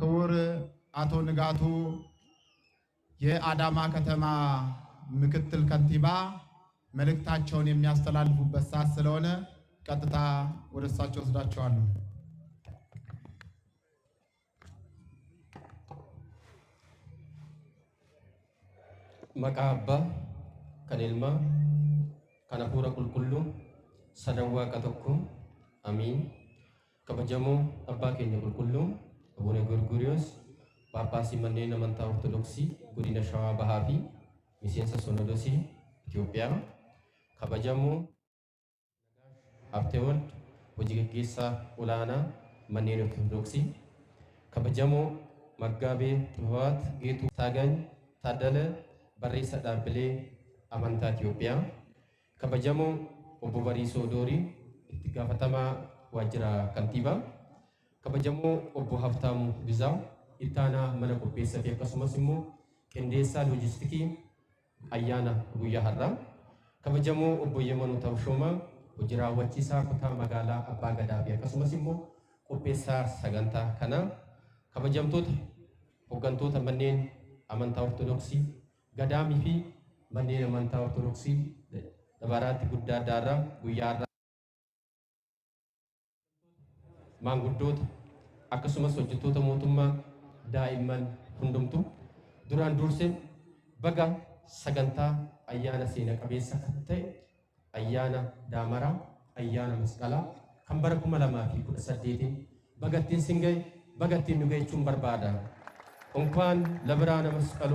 ክቡር አቶ ንጋቱ የአዳማ ከተማ ምክትል ከንቲባ መልእክታቸውን የሚያስተላልፉበት ሰዓት ስለሆነ ቀጥታ ወደ እሳቸው ወስዳቸዋለሁ። መቃ አባ ከኔልማ ከነፉረ ቁልቁሉ ሰደዋ ቀተኩ አሚን ከበጀሙ አባ ቁልቁሉ አቡነ ጎርጎሪዮስ papa መኔ ነመንታ ኦርቶዶክሲ ጉዲነ ሸዋ ባሃፊ ሚሴንሰ ሶኖዶሲ ኢትዮጵያ ከበጀሙ ሀብቴ ወልድ hoji gaggeessaa olaanaa manneen ortodoksii kabajamoo maggaabee Tibawaat Geetuu Taagany Taaddala barreessa dhaabbilee amantaa Itiyoophiyaa kabajamoo obbo Bariisoo Doorii itti gaafatamaa waajjira kabajamu obbo Haftaamuu Bizaa'u ittaanaa mana qopheessaa fi akkasumas immoo qindeessaa loojiistikii ayyaana guyyaa har'aa kabajamu obbo Yemanuu Tabshoomaa hojii raawwachiisaa kutaa magaalaa Abbaa Gadaa fi akkasumas immoo qopheessaa sagantaa kanaa kabajamtoota hooggantoota manneen amantaa Ortodoksii gadaamii fi manneen amantaa Ortodoksii dabaraatti guddaa adda irraa guyyaa irraa maanguddoota akkasumas hojjettoota mootummaa daa'imman hundumtu duraan dursee baga sagantaa ayyaana seena qabeessa kan ta'e ayyaana daamaraa ayyaana masqalaa kan bara kuma lamaa fi kudha saddeetiin bagattiin singee bagattiin nu geechuun barbaada እንኳን ለብርሃነ መስቀሉ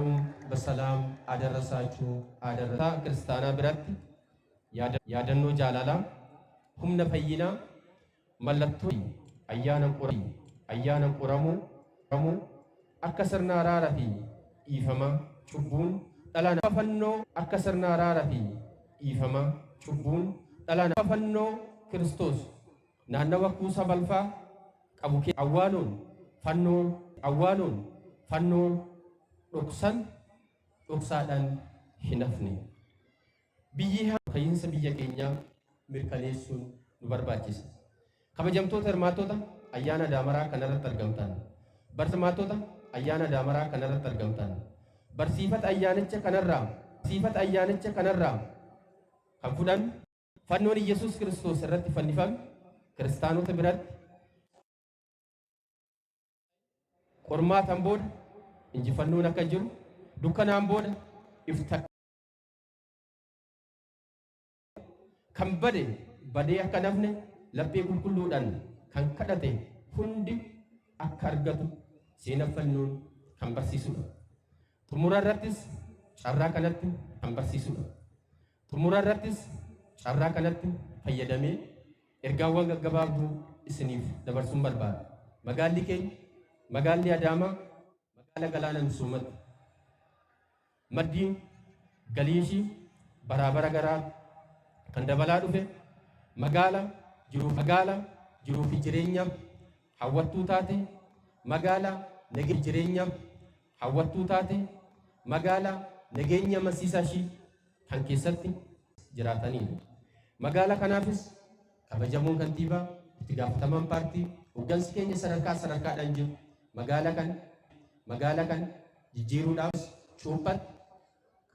በሰላም አደረሳችሁ አደረሳ ክርስቲያና ብረት ያደኖ ጃላላ ሁምነ ፈይና መለቶ አያነ ቁራ ayyaana qoramuu ramu, akasarna sirna araaraa fi dhiifama cubbuun dhala namaa fannoo harka sirna araaraa fi dhiifama cubbuun dhala namaa fannoo kiristoos naannawa kuusaa balfaa qabu kee awwaaloon fannoo awwaaloon fannoo dhoksan dhoksaadhaan hin hafne biyyi haa ayana damara kanarratti argamtan. Barsiifattoota ayyaana daamaraa kanarratti argamtan. Barsiifata ayyaanicha kanarraa barsiifata ayyaanicha kanarraa kan fudhan fannoon Iyyasuus Kiristoos irratti fannifame kiristaanota biratti qormaataan booda injifannoon akka jiru dukkanaan booda ifta kan bade badee akka nafne laphee qulqulluudhaan kan kadhate hundi akka argatu seenaffannoon kan barsiisudha. Xumura irrattis carraa kanatti kan barsiisudha. Xumura irrattis carraa kanatti fayyadamee ergaawwan gaggabaabduu isiniif dabarsuun barbaada. Magaalli keenya magaalli Adaamaa magaalaa galaana misoomatti. Maddiin galii ishii baraa bara garaa kan dabalaa dhufe magaala jiru magaala jiruufi jireenya hawwattuu taate magaalaa nageenya jireenya hawwattuu taate magaalaa nageenya amansiisaa ishii kan keessatti jiraatanidha. Magaalaa kanaafis kabajamoon kantiibaa itti gaafatamaan paartii hooggansi keenya sadarkaa sadarkaadhaan jiru magaalaa kan magaalaa kan jijjiiruudhaafis cuuphatti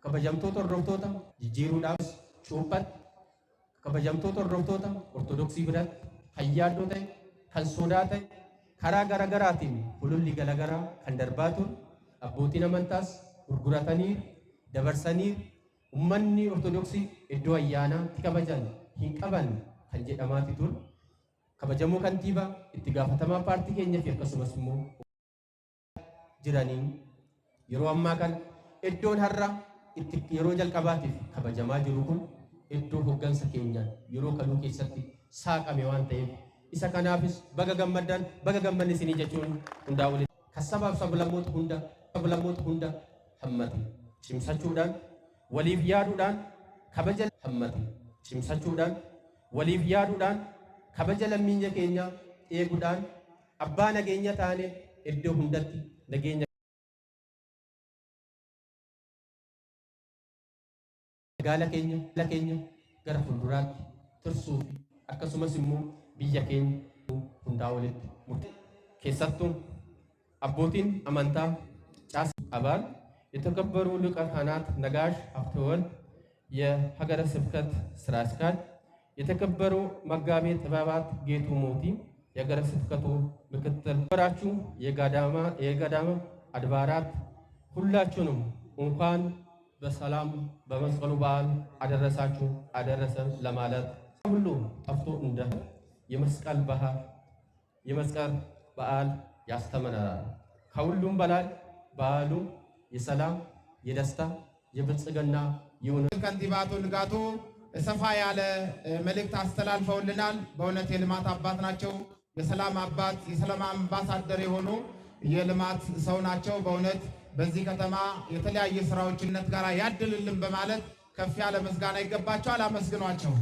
kabajamtoota hordoftoota jijjiiruudhaafis cuuphatti kabajamtoota hordoftoota ortodoksii biratti fayyaadhuu ta'e, kan sodaa ta'e, karaa gara garaatiin bululli galagaraa kan darbaa ture abbootiin amantaas gurguratanii dabarsanii ummanni ortodoksii iddoo ayyaanaatti kabajan hin qaban kan jedhamaati ture. Kabajamuu kantiibaa itti gaafatamaa paartii keenyaa fi akkasumas immoo jiraniin yeroo ammaa kana iddoon har'a yeroo jalqabaatiif kabajamaa jiru kun iddoo hoggansa keenya yeroo kanuu keessatti saaqame waan ta'eef isa kanaafis baga gammaddan baga gammanne isinii jechuun hundaa olii kassabaaf sablammoota hunda sablammoota hunda hammate cimsachuudhaan waliif yaaduudhaan kabaja hammate cimsachuudhaan waliif yaaduudhaan kabaja lammiinya keenya eeguudhaan abbaa nageenya taane iddoo hundatti nageenya magaala keenya la keenya gara fuulduraatti tursuu fi akkasumas immoo biyya keenya hundaa walitti murte. Keessattuu abbootiin amantaa ጫስ አባል የተከበሩ ሊቀ ካህናት ነጋሽ ሀብተወልድ የሀገረ ስብከት ስራ አስኪያጅ፣ የተከበሩ መጋቤ ጥበባት ጌቱ ሞቲ የሀገረ ስብከቱ ምክትል፣ በራችሁ የገዳማ አድባራት ሁላችሁንም እንኳን በሰላም በመስቀሉ በዓል አደረሳችሁ አደረሰን ለማለት ሁሉ ጠፍቶ እንደ የመስቀል ባህል የመስቀል በዓል ያስተምረናል። ከሁሉም በላይ በዓሉ የሰላም፣ የደስታ፣ የብልጽግና ይሁን። ከንቲባ አቶ ንጋቱ ሰፋ ያለ መልእክት አስተላልፈውልናል። በእውነት የልማት አባት ናቸው። የሰላም አባት፣ የሰላም አምባሳደር የሆኑ የልማት ሰው ናቸው በእውነት በዚህ ከተማ የተለያየ ስራዎችነት ጋር ያድልልን በማለት ከፍ ያለ ምስጋና ይገባቸዋል። አመስግኗቸው።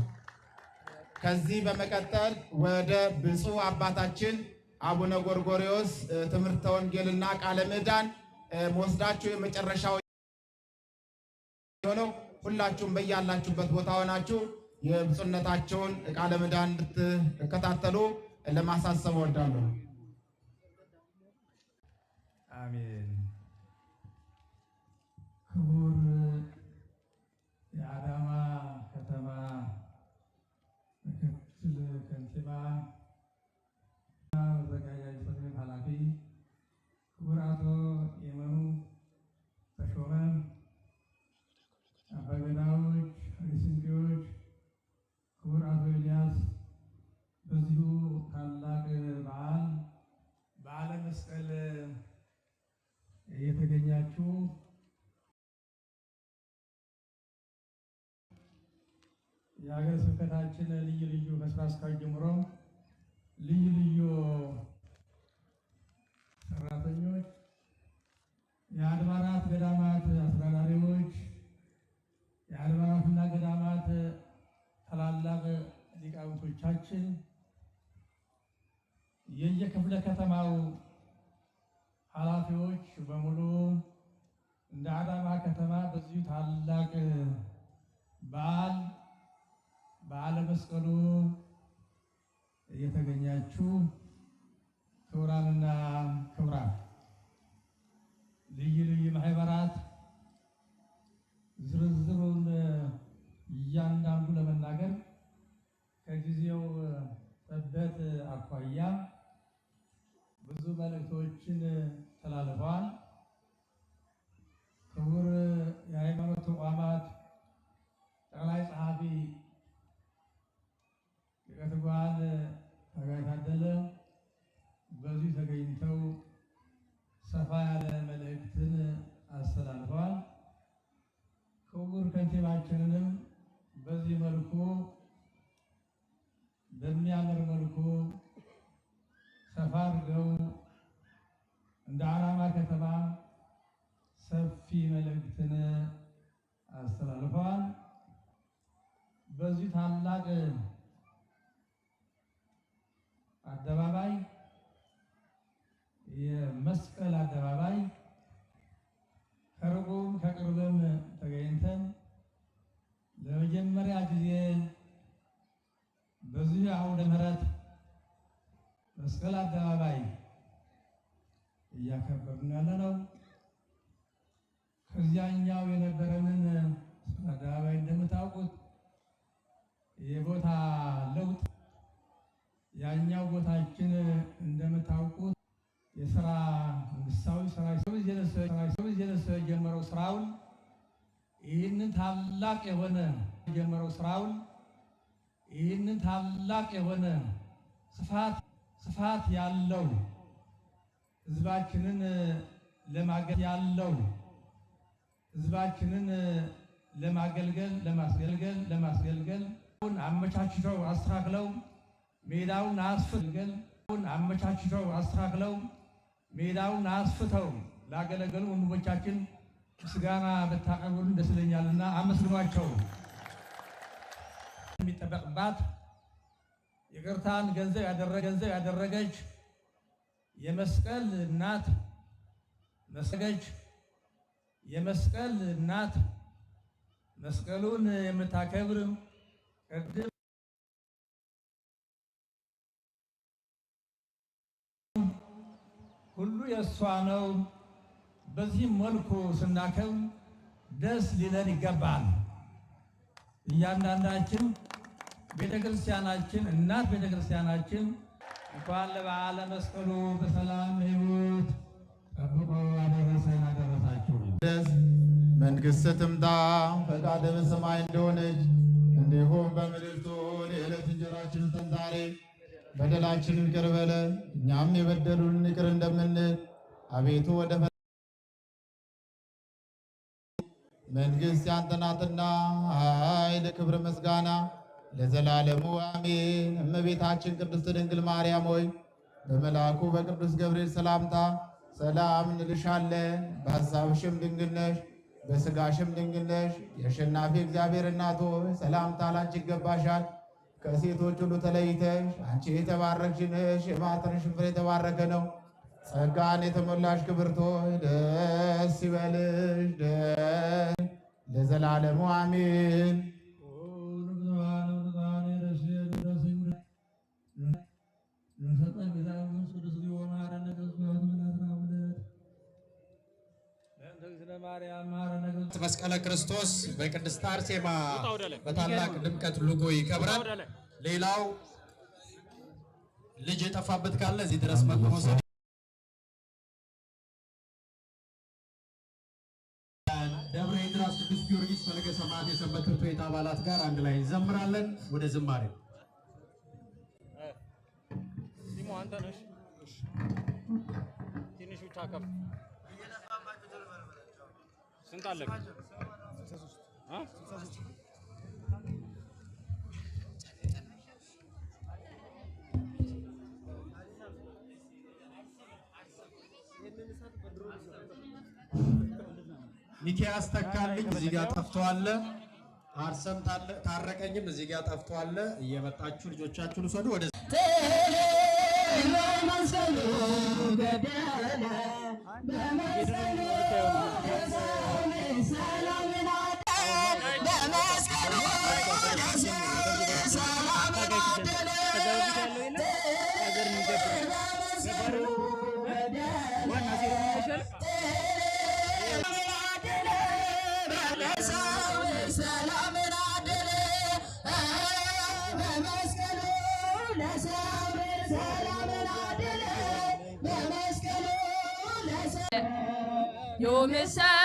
ከዚህ በመቀጠል ወደ ብፁዕ አባታችን አቡነ ጎርጎሪዎስ ትምህርተ ወንጌልና ቃለ ምዕዳን መወስዳችሁ የመጨረሻው የሆነው ሁላችሁም በያላችሁበት ቦታ ሆናችሁ የብፁዕነታቸውን ቃለ ምዕዳን እንድትከታተሉ ለማሳሰብ እወዳለሁ። አሜን። Mm-hmm. የሀገረ ስብከታችን ልዩ ልዩ ከስራ አስኪያጅ ጀምሮ ልዩ ልዩ አውደ ምሕረት መስቀል አደባባይ እያከበርን ያለ ነው። ከዚያኛው የነበረንን መስቀል አደባባይ እንደምታውቁት የቦታ ለውጥ ያኛው ቦታችን እንደምታውቁት የስራ መንግስታዊ ሰው እየነሰ የጀመረው ስራውን ይህንን ታላቅ የሆነ የጀመረው ስራውን ይህንን ታላቅ የሆነ ስፋት ስፋት ያለው ህዝባችንን ለማገል ያለው ህዝባችንን ለማገልገል ለማስገልገል ለማስገልገል አመቻችተው አስተካክለው ሜዳውን አስፍተው አመቻችተው አስተካክለው ሜዳውን አስፍተው ላገለገሉ ወንድሞቻችን ምስጋና ብታቀርቡልን ደስ ይለኛልና አመስግኗቸው። የሚጠበቅባት ይቅርታን ገንዘብ ያደረገች የመስቀል እናት መስገጅ የመስቀል እናት መስቀሉን የምታከብር ቅድም ሁሉ የእሷ ነው። በዚህም መልኩ ስናከብር ደስ ሊለን ይገባል እያንዳንዳችን ቤተክርስቲያናችን እናት ቤተክርስቲያናችን እንኳን ለበዓለ መስቀሉ በሰላም ሕይወት ጠብቆ አደረሰን አደረሳችሁ። መንግሥት ትምጣ፣ ፈቃደ በሰማይ እንደሆነች እንዲሁም በምድር ትሁን። የዕለት እንጀራችንን ስጠን ዛሬ፣ በደላችንን ይቅር በለን እኛም የበደሉን ይቅር እንደምንል አቤቱ ወደ መንግሥት ያንተ ናትና ኃይል፣ ክብር፣ ምስጋና ለዘላለሙ አሜን። እመቤታችን ቅድስት ድንግል ማርያም ሆይ በመልአኩ በቅዱስ ገብርኤል ሰላምታ ሰላም እንልሻለን። በሐሳብሽም ድንግል ነሽ፣ በሥጋሽም ድንግል ነሽ። የአሸናፊ እግዚአብሔር እናት ሆይ ሰላምታ ላንቺ ይገባሻል። ከሴቶች ሁሉ ተለይተሽ አንቺ የተባረክሽ ነሽ፣ የማኅፀንሽ ፍሬ የተባረከ ነው። ጸጋን የተሞላሽ ክብርት ሆይ ደስ ይበልሽ። ደስ ለዘላለሙ አሜን። ሳምንት መስቀለ ክርስቶስ በቅድስት አርሴማ በታላቅ ድምቀት ልጎ ይከብራል። ሌላው ልጅ የጠፋበት ካለ እዚህ ድረስ መጥቶ ደብረ ድራስ ቅዱስ ጊዮርጊስ ፈለገ ሰማዕት የሰንበት ትምህርት ቤት አባላት ጋር አንድ ላይ እንዘምራለን። ወደ ዝማሬ ሲሞ አንተ ነሽ ትንሹ ስንት አለቀ? ሚኪያስ ተካልኝ እዚህ ጋር ጠፍተዋል። አርሰም ታረቀኝም እዚህ ጋር ጠፍተዋል። እየመጣችሁ ልጆቻችሁን ውሰዱ ወደ ገደለ mesaj.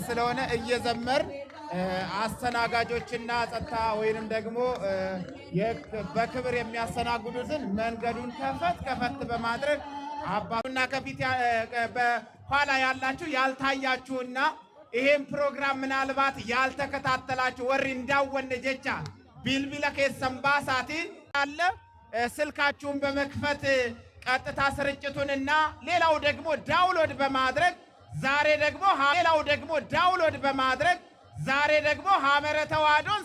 በዓል ስለሆነ እየዘመር አስተናጋጆችና ጸጥታ ወይንም ደግሞ በክብር የሚያስተናግዱትን መንገዱን ከፈት ከፈት በማድረግ አባቱና ከፊት በኋላ ያላችሁ ያልታያችሁና ይሄን ፕሮግራም ምናልባት ያልተከታተላችሁ ወሪ እንዳወነ ጀቻ ቢልቢለ ከሰንባሳቲ አለ ስልካችሁን በመክፈት ቀጥታ ስርጭቱንና ሌላው ደግሞ ዳውንሎድ በማድረግ ዛሬ ደግሞ ሌላው ደግሞ ዳውንሎድ በማድረግ ዛሬ ደግሞ ሐመረ ተዋሕዶን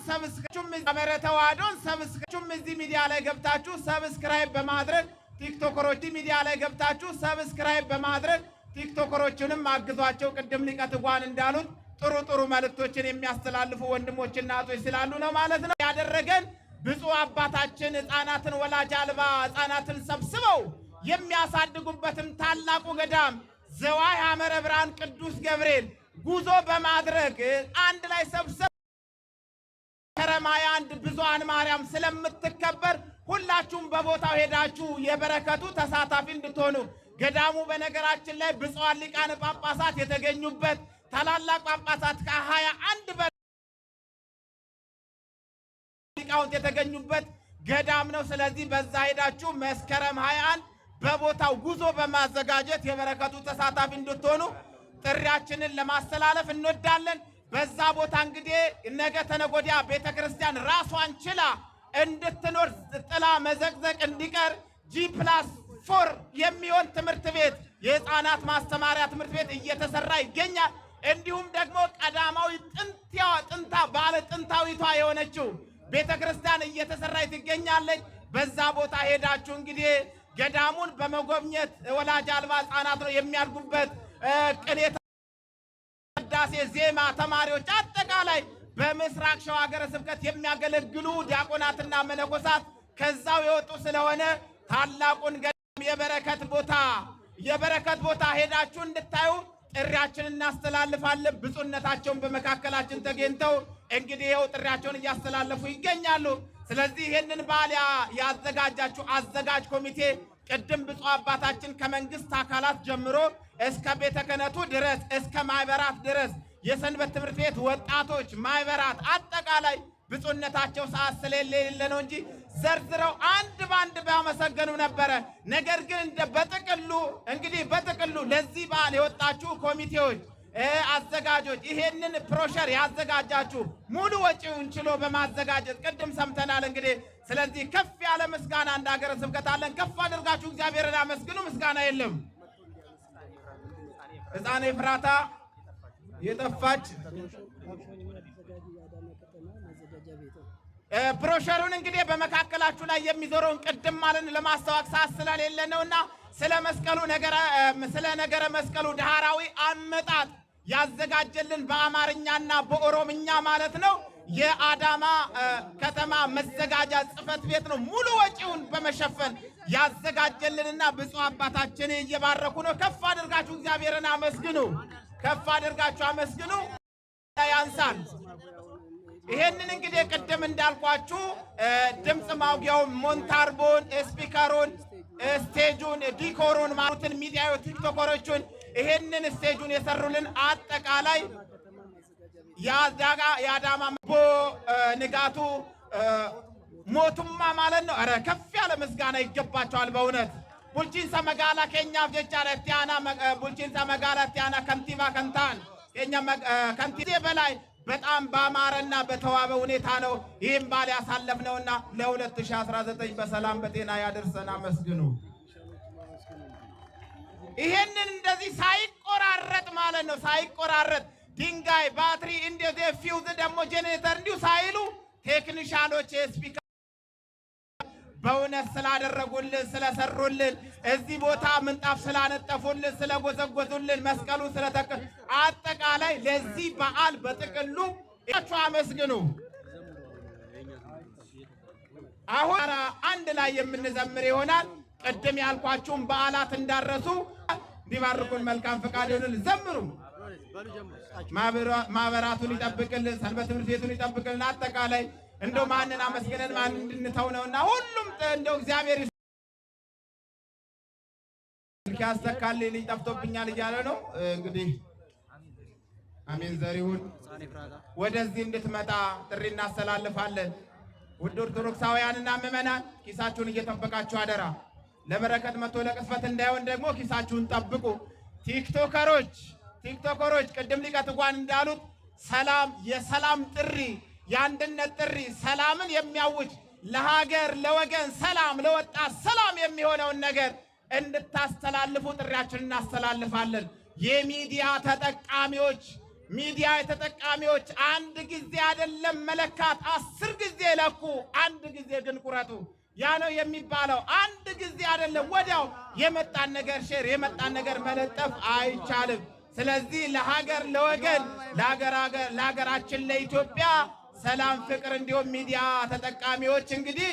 ሰብስክራይብ እዚህ ሚዲያ ላይ ገብታችሁ ሰብስክራይብ በማድረግ ቲክቶከሮች ሚዲያ ላይ ገብታችሁ ሰብስክራይብ በማድረግ ቲክቶከሮችንም አግዟቸው። ቅድም ሊቀ ትጓን እንዳሉት ጥሩ ጥሩ መልእክቶችን የሚያስተላልፉ ወንድሞችና እህቶች ስላሉ ነው ማለት ነው ያደረገን ብፁዕ አባታችን ህፃናትን ወላጅ አልባ ህፃናትን ሰብስበው የሚያሳድጉበትም ታላቁ ገዳም ዘዋይ አመረ ብርሃን ቅዱስ ገብርኤል ጉዞ በማድረግ አንድ ላይ ሰብሰብ ከረማይ አንድ ብዙኃን ማርያም ስለምትከበር ሁላችሁም በቦታው ሄዳችሁ የበረከቱ ተሳታፊ እንድትሆኑ ገዳሙ በነገራችን ላይ ብፁዓን ሊቃነ ጳጳሳት የተገኙበት ታላላቅ ጳጳሳት ከሀያ አንድ በ ሊቃውንት የተገኙበት ገዳም ነው። ስለዚህ በዛ ሄዳችሁ መስከረም ሀያ አንድ በቦታው ጉዞ በማዘጋጀት የበረከቱ ተሳታፊ እንድትሆኑ ጥሪያችንን ለማስተላለፍ እንወዳለን። በዛ ቦታ እንግዲህ ነገ ተነጎዲያ ቤተ ክርስቲያን ራሷን ችላ እንድትኖር ጥላ መዘቅዘቅ እንዲቀር ጂ ፕላስ ፎር የሚሆን ትምህርት ቤት የህፃናት ማስተማሪያ ትምህርት ቤት እየተሰራ ይገኛል። እንዲሁም ደግሞ ቀዳማዊ ጥንትያ ጥንታ ባለ ጥንታዊቷ የሆነችው ቤተ ክርስቲያን እየተሰራ ትገኛለች። በዛ ቦታ ሄዳችሁ እንግዲህ ገዳሙን በመጎብኘት ወላጅ አልባ ህጻናት ነው የሚያድጉበት። ቅኔ፣ ቅዳሴ፣ ዜማ ተማሪዎች አጠቃላይ በምስራቅ ሸዋ ሀገረ ስብከት የሚያገለግሉ ዲያቆናትና መነኮሳት ከዛው የወጡ ስለሆነ ታላቁን ገዳም የበረከት ቦታ የበረከት ቦታ ሄዳችሁ እንድታዩ ጥሪያችን እናስተላልፋለን። ብፁዕነታቸውን በመካከላችን ተገኝተው እንግዲህ ይኸው ጥሪያቸውን እያስተላለፉ ይገኛሉ። ስለዚህ ይህንን በዓል ያዘጋጃችሁ አዘጋጅ ኮሚቴ ቅድም ብፁዕ አባታችን ከመንግስት አካላት ጀምሮ እስከ ቤተ ክህነቱ ድረስ እስከ ማይበራት ድረስ የሰንበት ትምህርት ቤት ወጣቶች፣ ማይበራት አጠቃላይ ብፁዕነታቸው ሰዓት ስለሌለ ነው እንጂ ዘርዝረው አንድ በአንድ ባመሰገኑ ነበረ። ነገር ግን በጥቅሉ እንግዲህ በጥቅሉ ለዚህ በዓል የወጣችሁ ኮሚቴዎች አዘጋጆች ይሄንን ፕሮሸር ያዘጋጃችሁ ሙሉ ወጪውን ችሎ በማዘጋጀት ቅድም ሰምተናል። እንግዲህ ስለዚህ ከፍ ያለ ምስጋና እንደ ሀገረ ስብከት አለን። ከፍ አድርጋችሁ እግዚአብሔርን አመስግኑ። ምስጋና የለም። ሕፃን ፍራታ የጠፋች ፕሮሸሩን እንግዲህ በመካከላችሁ ላይ የሚዞረውን ቅድም ማለን ለማስታወቅ ሰዓት ስለሌለ ነውና ስለ መስቀሉ ነገረ ስለ ነገረ መስቀሉ ዳህራዊ አመጣጥ ያዘጋጀልን በአማርኛና በኦሮምኛ ማለት ነው። የአዳማ ከተማ መዘጋጃ ጽህፈት ቤት ነው ሙሉ ወጪውን በመሸፈን ያዘጋጀልንና ብፁ አባታችን እየባረኩ ነው። ከፍ አድርጋችሁ እግዚአብሔርን አመስግኑ። ከፍ አድርጋችሁ አመስግኑ። ያንሳን። ይሄንን እንግዲህ ቅድም እንዳልኳችሁ ድምፅ ማውጊያውን፣ ሞንታርቦን፣ ስፒከሩን፣ ስቴጁን፣ ዲኮሩን ማሩትን ሚዲያዮ ቲክቶከሮቹን ይሄንን ስቴጁን የሰሩልን አጠቃላይ ያዳማ ቦ ንጋቱ ሞቱማ ማለት ነው። አረ ከፍ ያለ ምስጋና ይገባቸዋል በእውነት ቡልቺንሳ መጋላ ከኛ ጀቻለ ቲያና ቡልቺንሳ መጋላ ቲያና ከንቲባ ከንታን ኬኛ ከንቲባ በላይ በጣም ባማረና በተዋበ ሁኔታ ነው ይህም በዓል ያሳለፍነውና ለ2019 በሰላም በጤና ያደርሰን። አመስግኑ። ይሄንን እንደዚህ ሳይቆራረጥ ማለት ነው ሳይቆራረጥ ድንጋይ፣ ባትሪ እንደዚህ ፊውዝ ደግሞ ጄኔሬተር እንዲሁ ሳይሉ ቴክኒሻኖች የስፒከር በእውነት ስላደረጉልን ስለሰሩልን እዚህ ቦታ ምንጣፍ ስላነጠፉልን ስለጎዘጎዙልን መስቀሉ ስለተቀ አጠቃላይ ለዚህ በዓል በጥቅሉ ቸው አመስግኑ። አሁን አንድ ላይ የምንዘምር ይሆናል። ቅድም ያልኳችሁን በዓላት እንዳረሱ እንዲባርኩን መልካም ፈቃድ ይሁንልን። ዘምሩ። ማህበራቱን ይጠብቅልን፣ ሰንበት ትምህርት ቤቱን ይጠብቅልን። አጠቃላይ እንደው ማንን አመስግነን ማን እንድንተው ነውና ሁሉም እንደው እግዚአብሔር ያስተካልኝ ልጅ ጠፍቶብኛል እያለ ነው እንግዲህ አሜን። ዘሪሁን ወደዚህ እንድትመጣ ጥሪ እናስተላልፋለን። ውድ ኦርቶዶክሳውያንና ምዕመናን ኪሳችሁን እየጠበቃችሁ አደራ ለበረከት መቶ ለቅጽበት እንዳይሆን ደግሞ ኪሳችሁን ጠብቁ። ቲክቶከሮች ቲክቶከሮች ቅድም እንኳን እንዳሉት ሰላም የሰላም ጥሪ የአንድነት ጥሪ ሰላምን የሚያውጅ ለሀገር ለወገን ሰላም ለወጣት ሰላም የሚሆነውን ነገር እንድታስተላልፉ ጥሪያችን እናስተላልፋለን። የሚዲያ ተጠቃሚዎች ሚዲያ የተጠቃሚዎች አንድ ጊዜ አይደለም መለካት፣ አስር ጊዜ ለኩ፣ አንድ ጊዜ ግን ቁረጡ። ያ ነው የሚባለው። አንድ ጊዜ አይደለም፣ ወዲያው የመጣን ነገር ሼር የመጣን ነገር መለጠፍ አይቻልም። ስለዚህ ለሀገር ለወገን ለሀገራችን ለኢትዮጵያ ሰላም፣ ፍቅር እንዲሁም ሚዲያ ተጠቃሚዎች እንግዲህ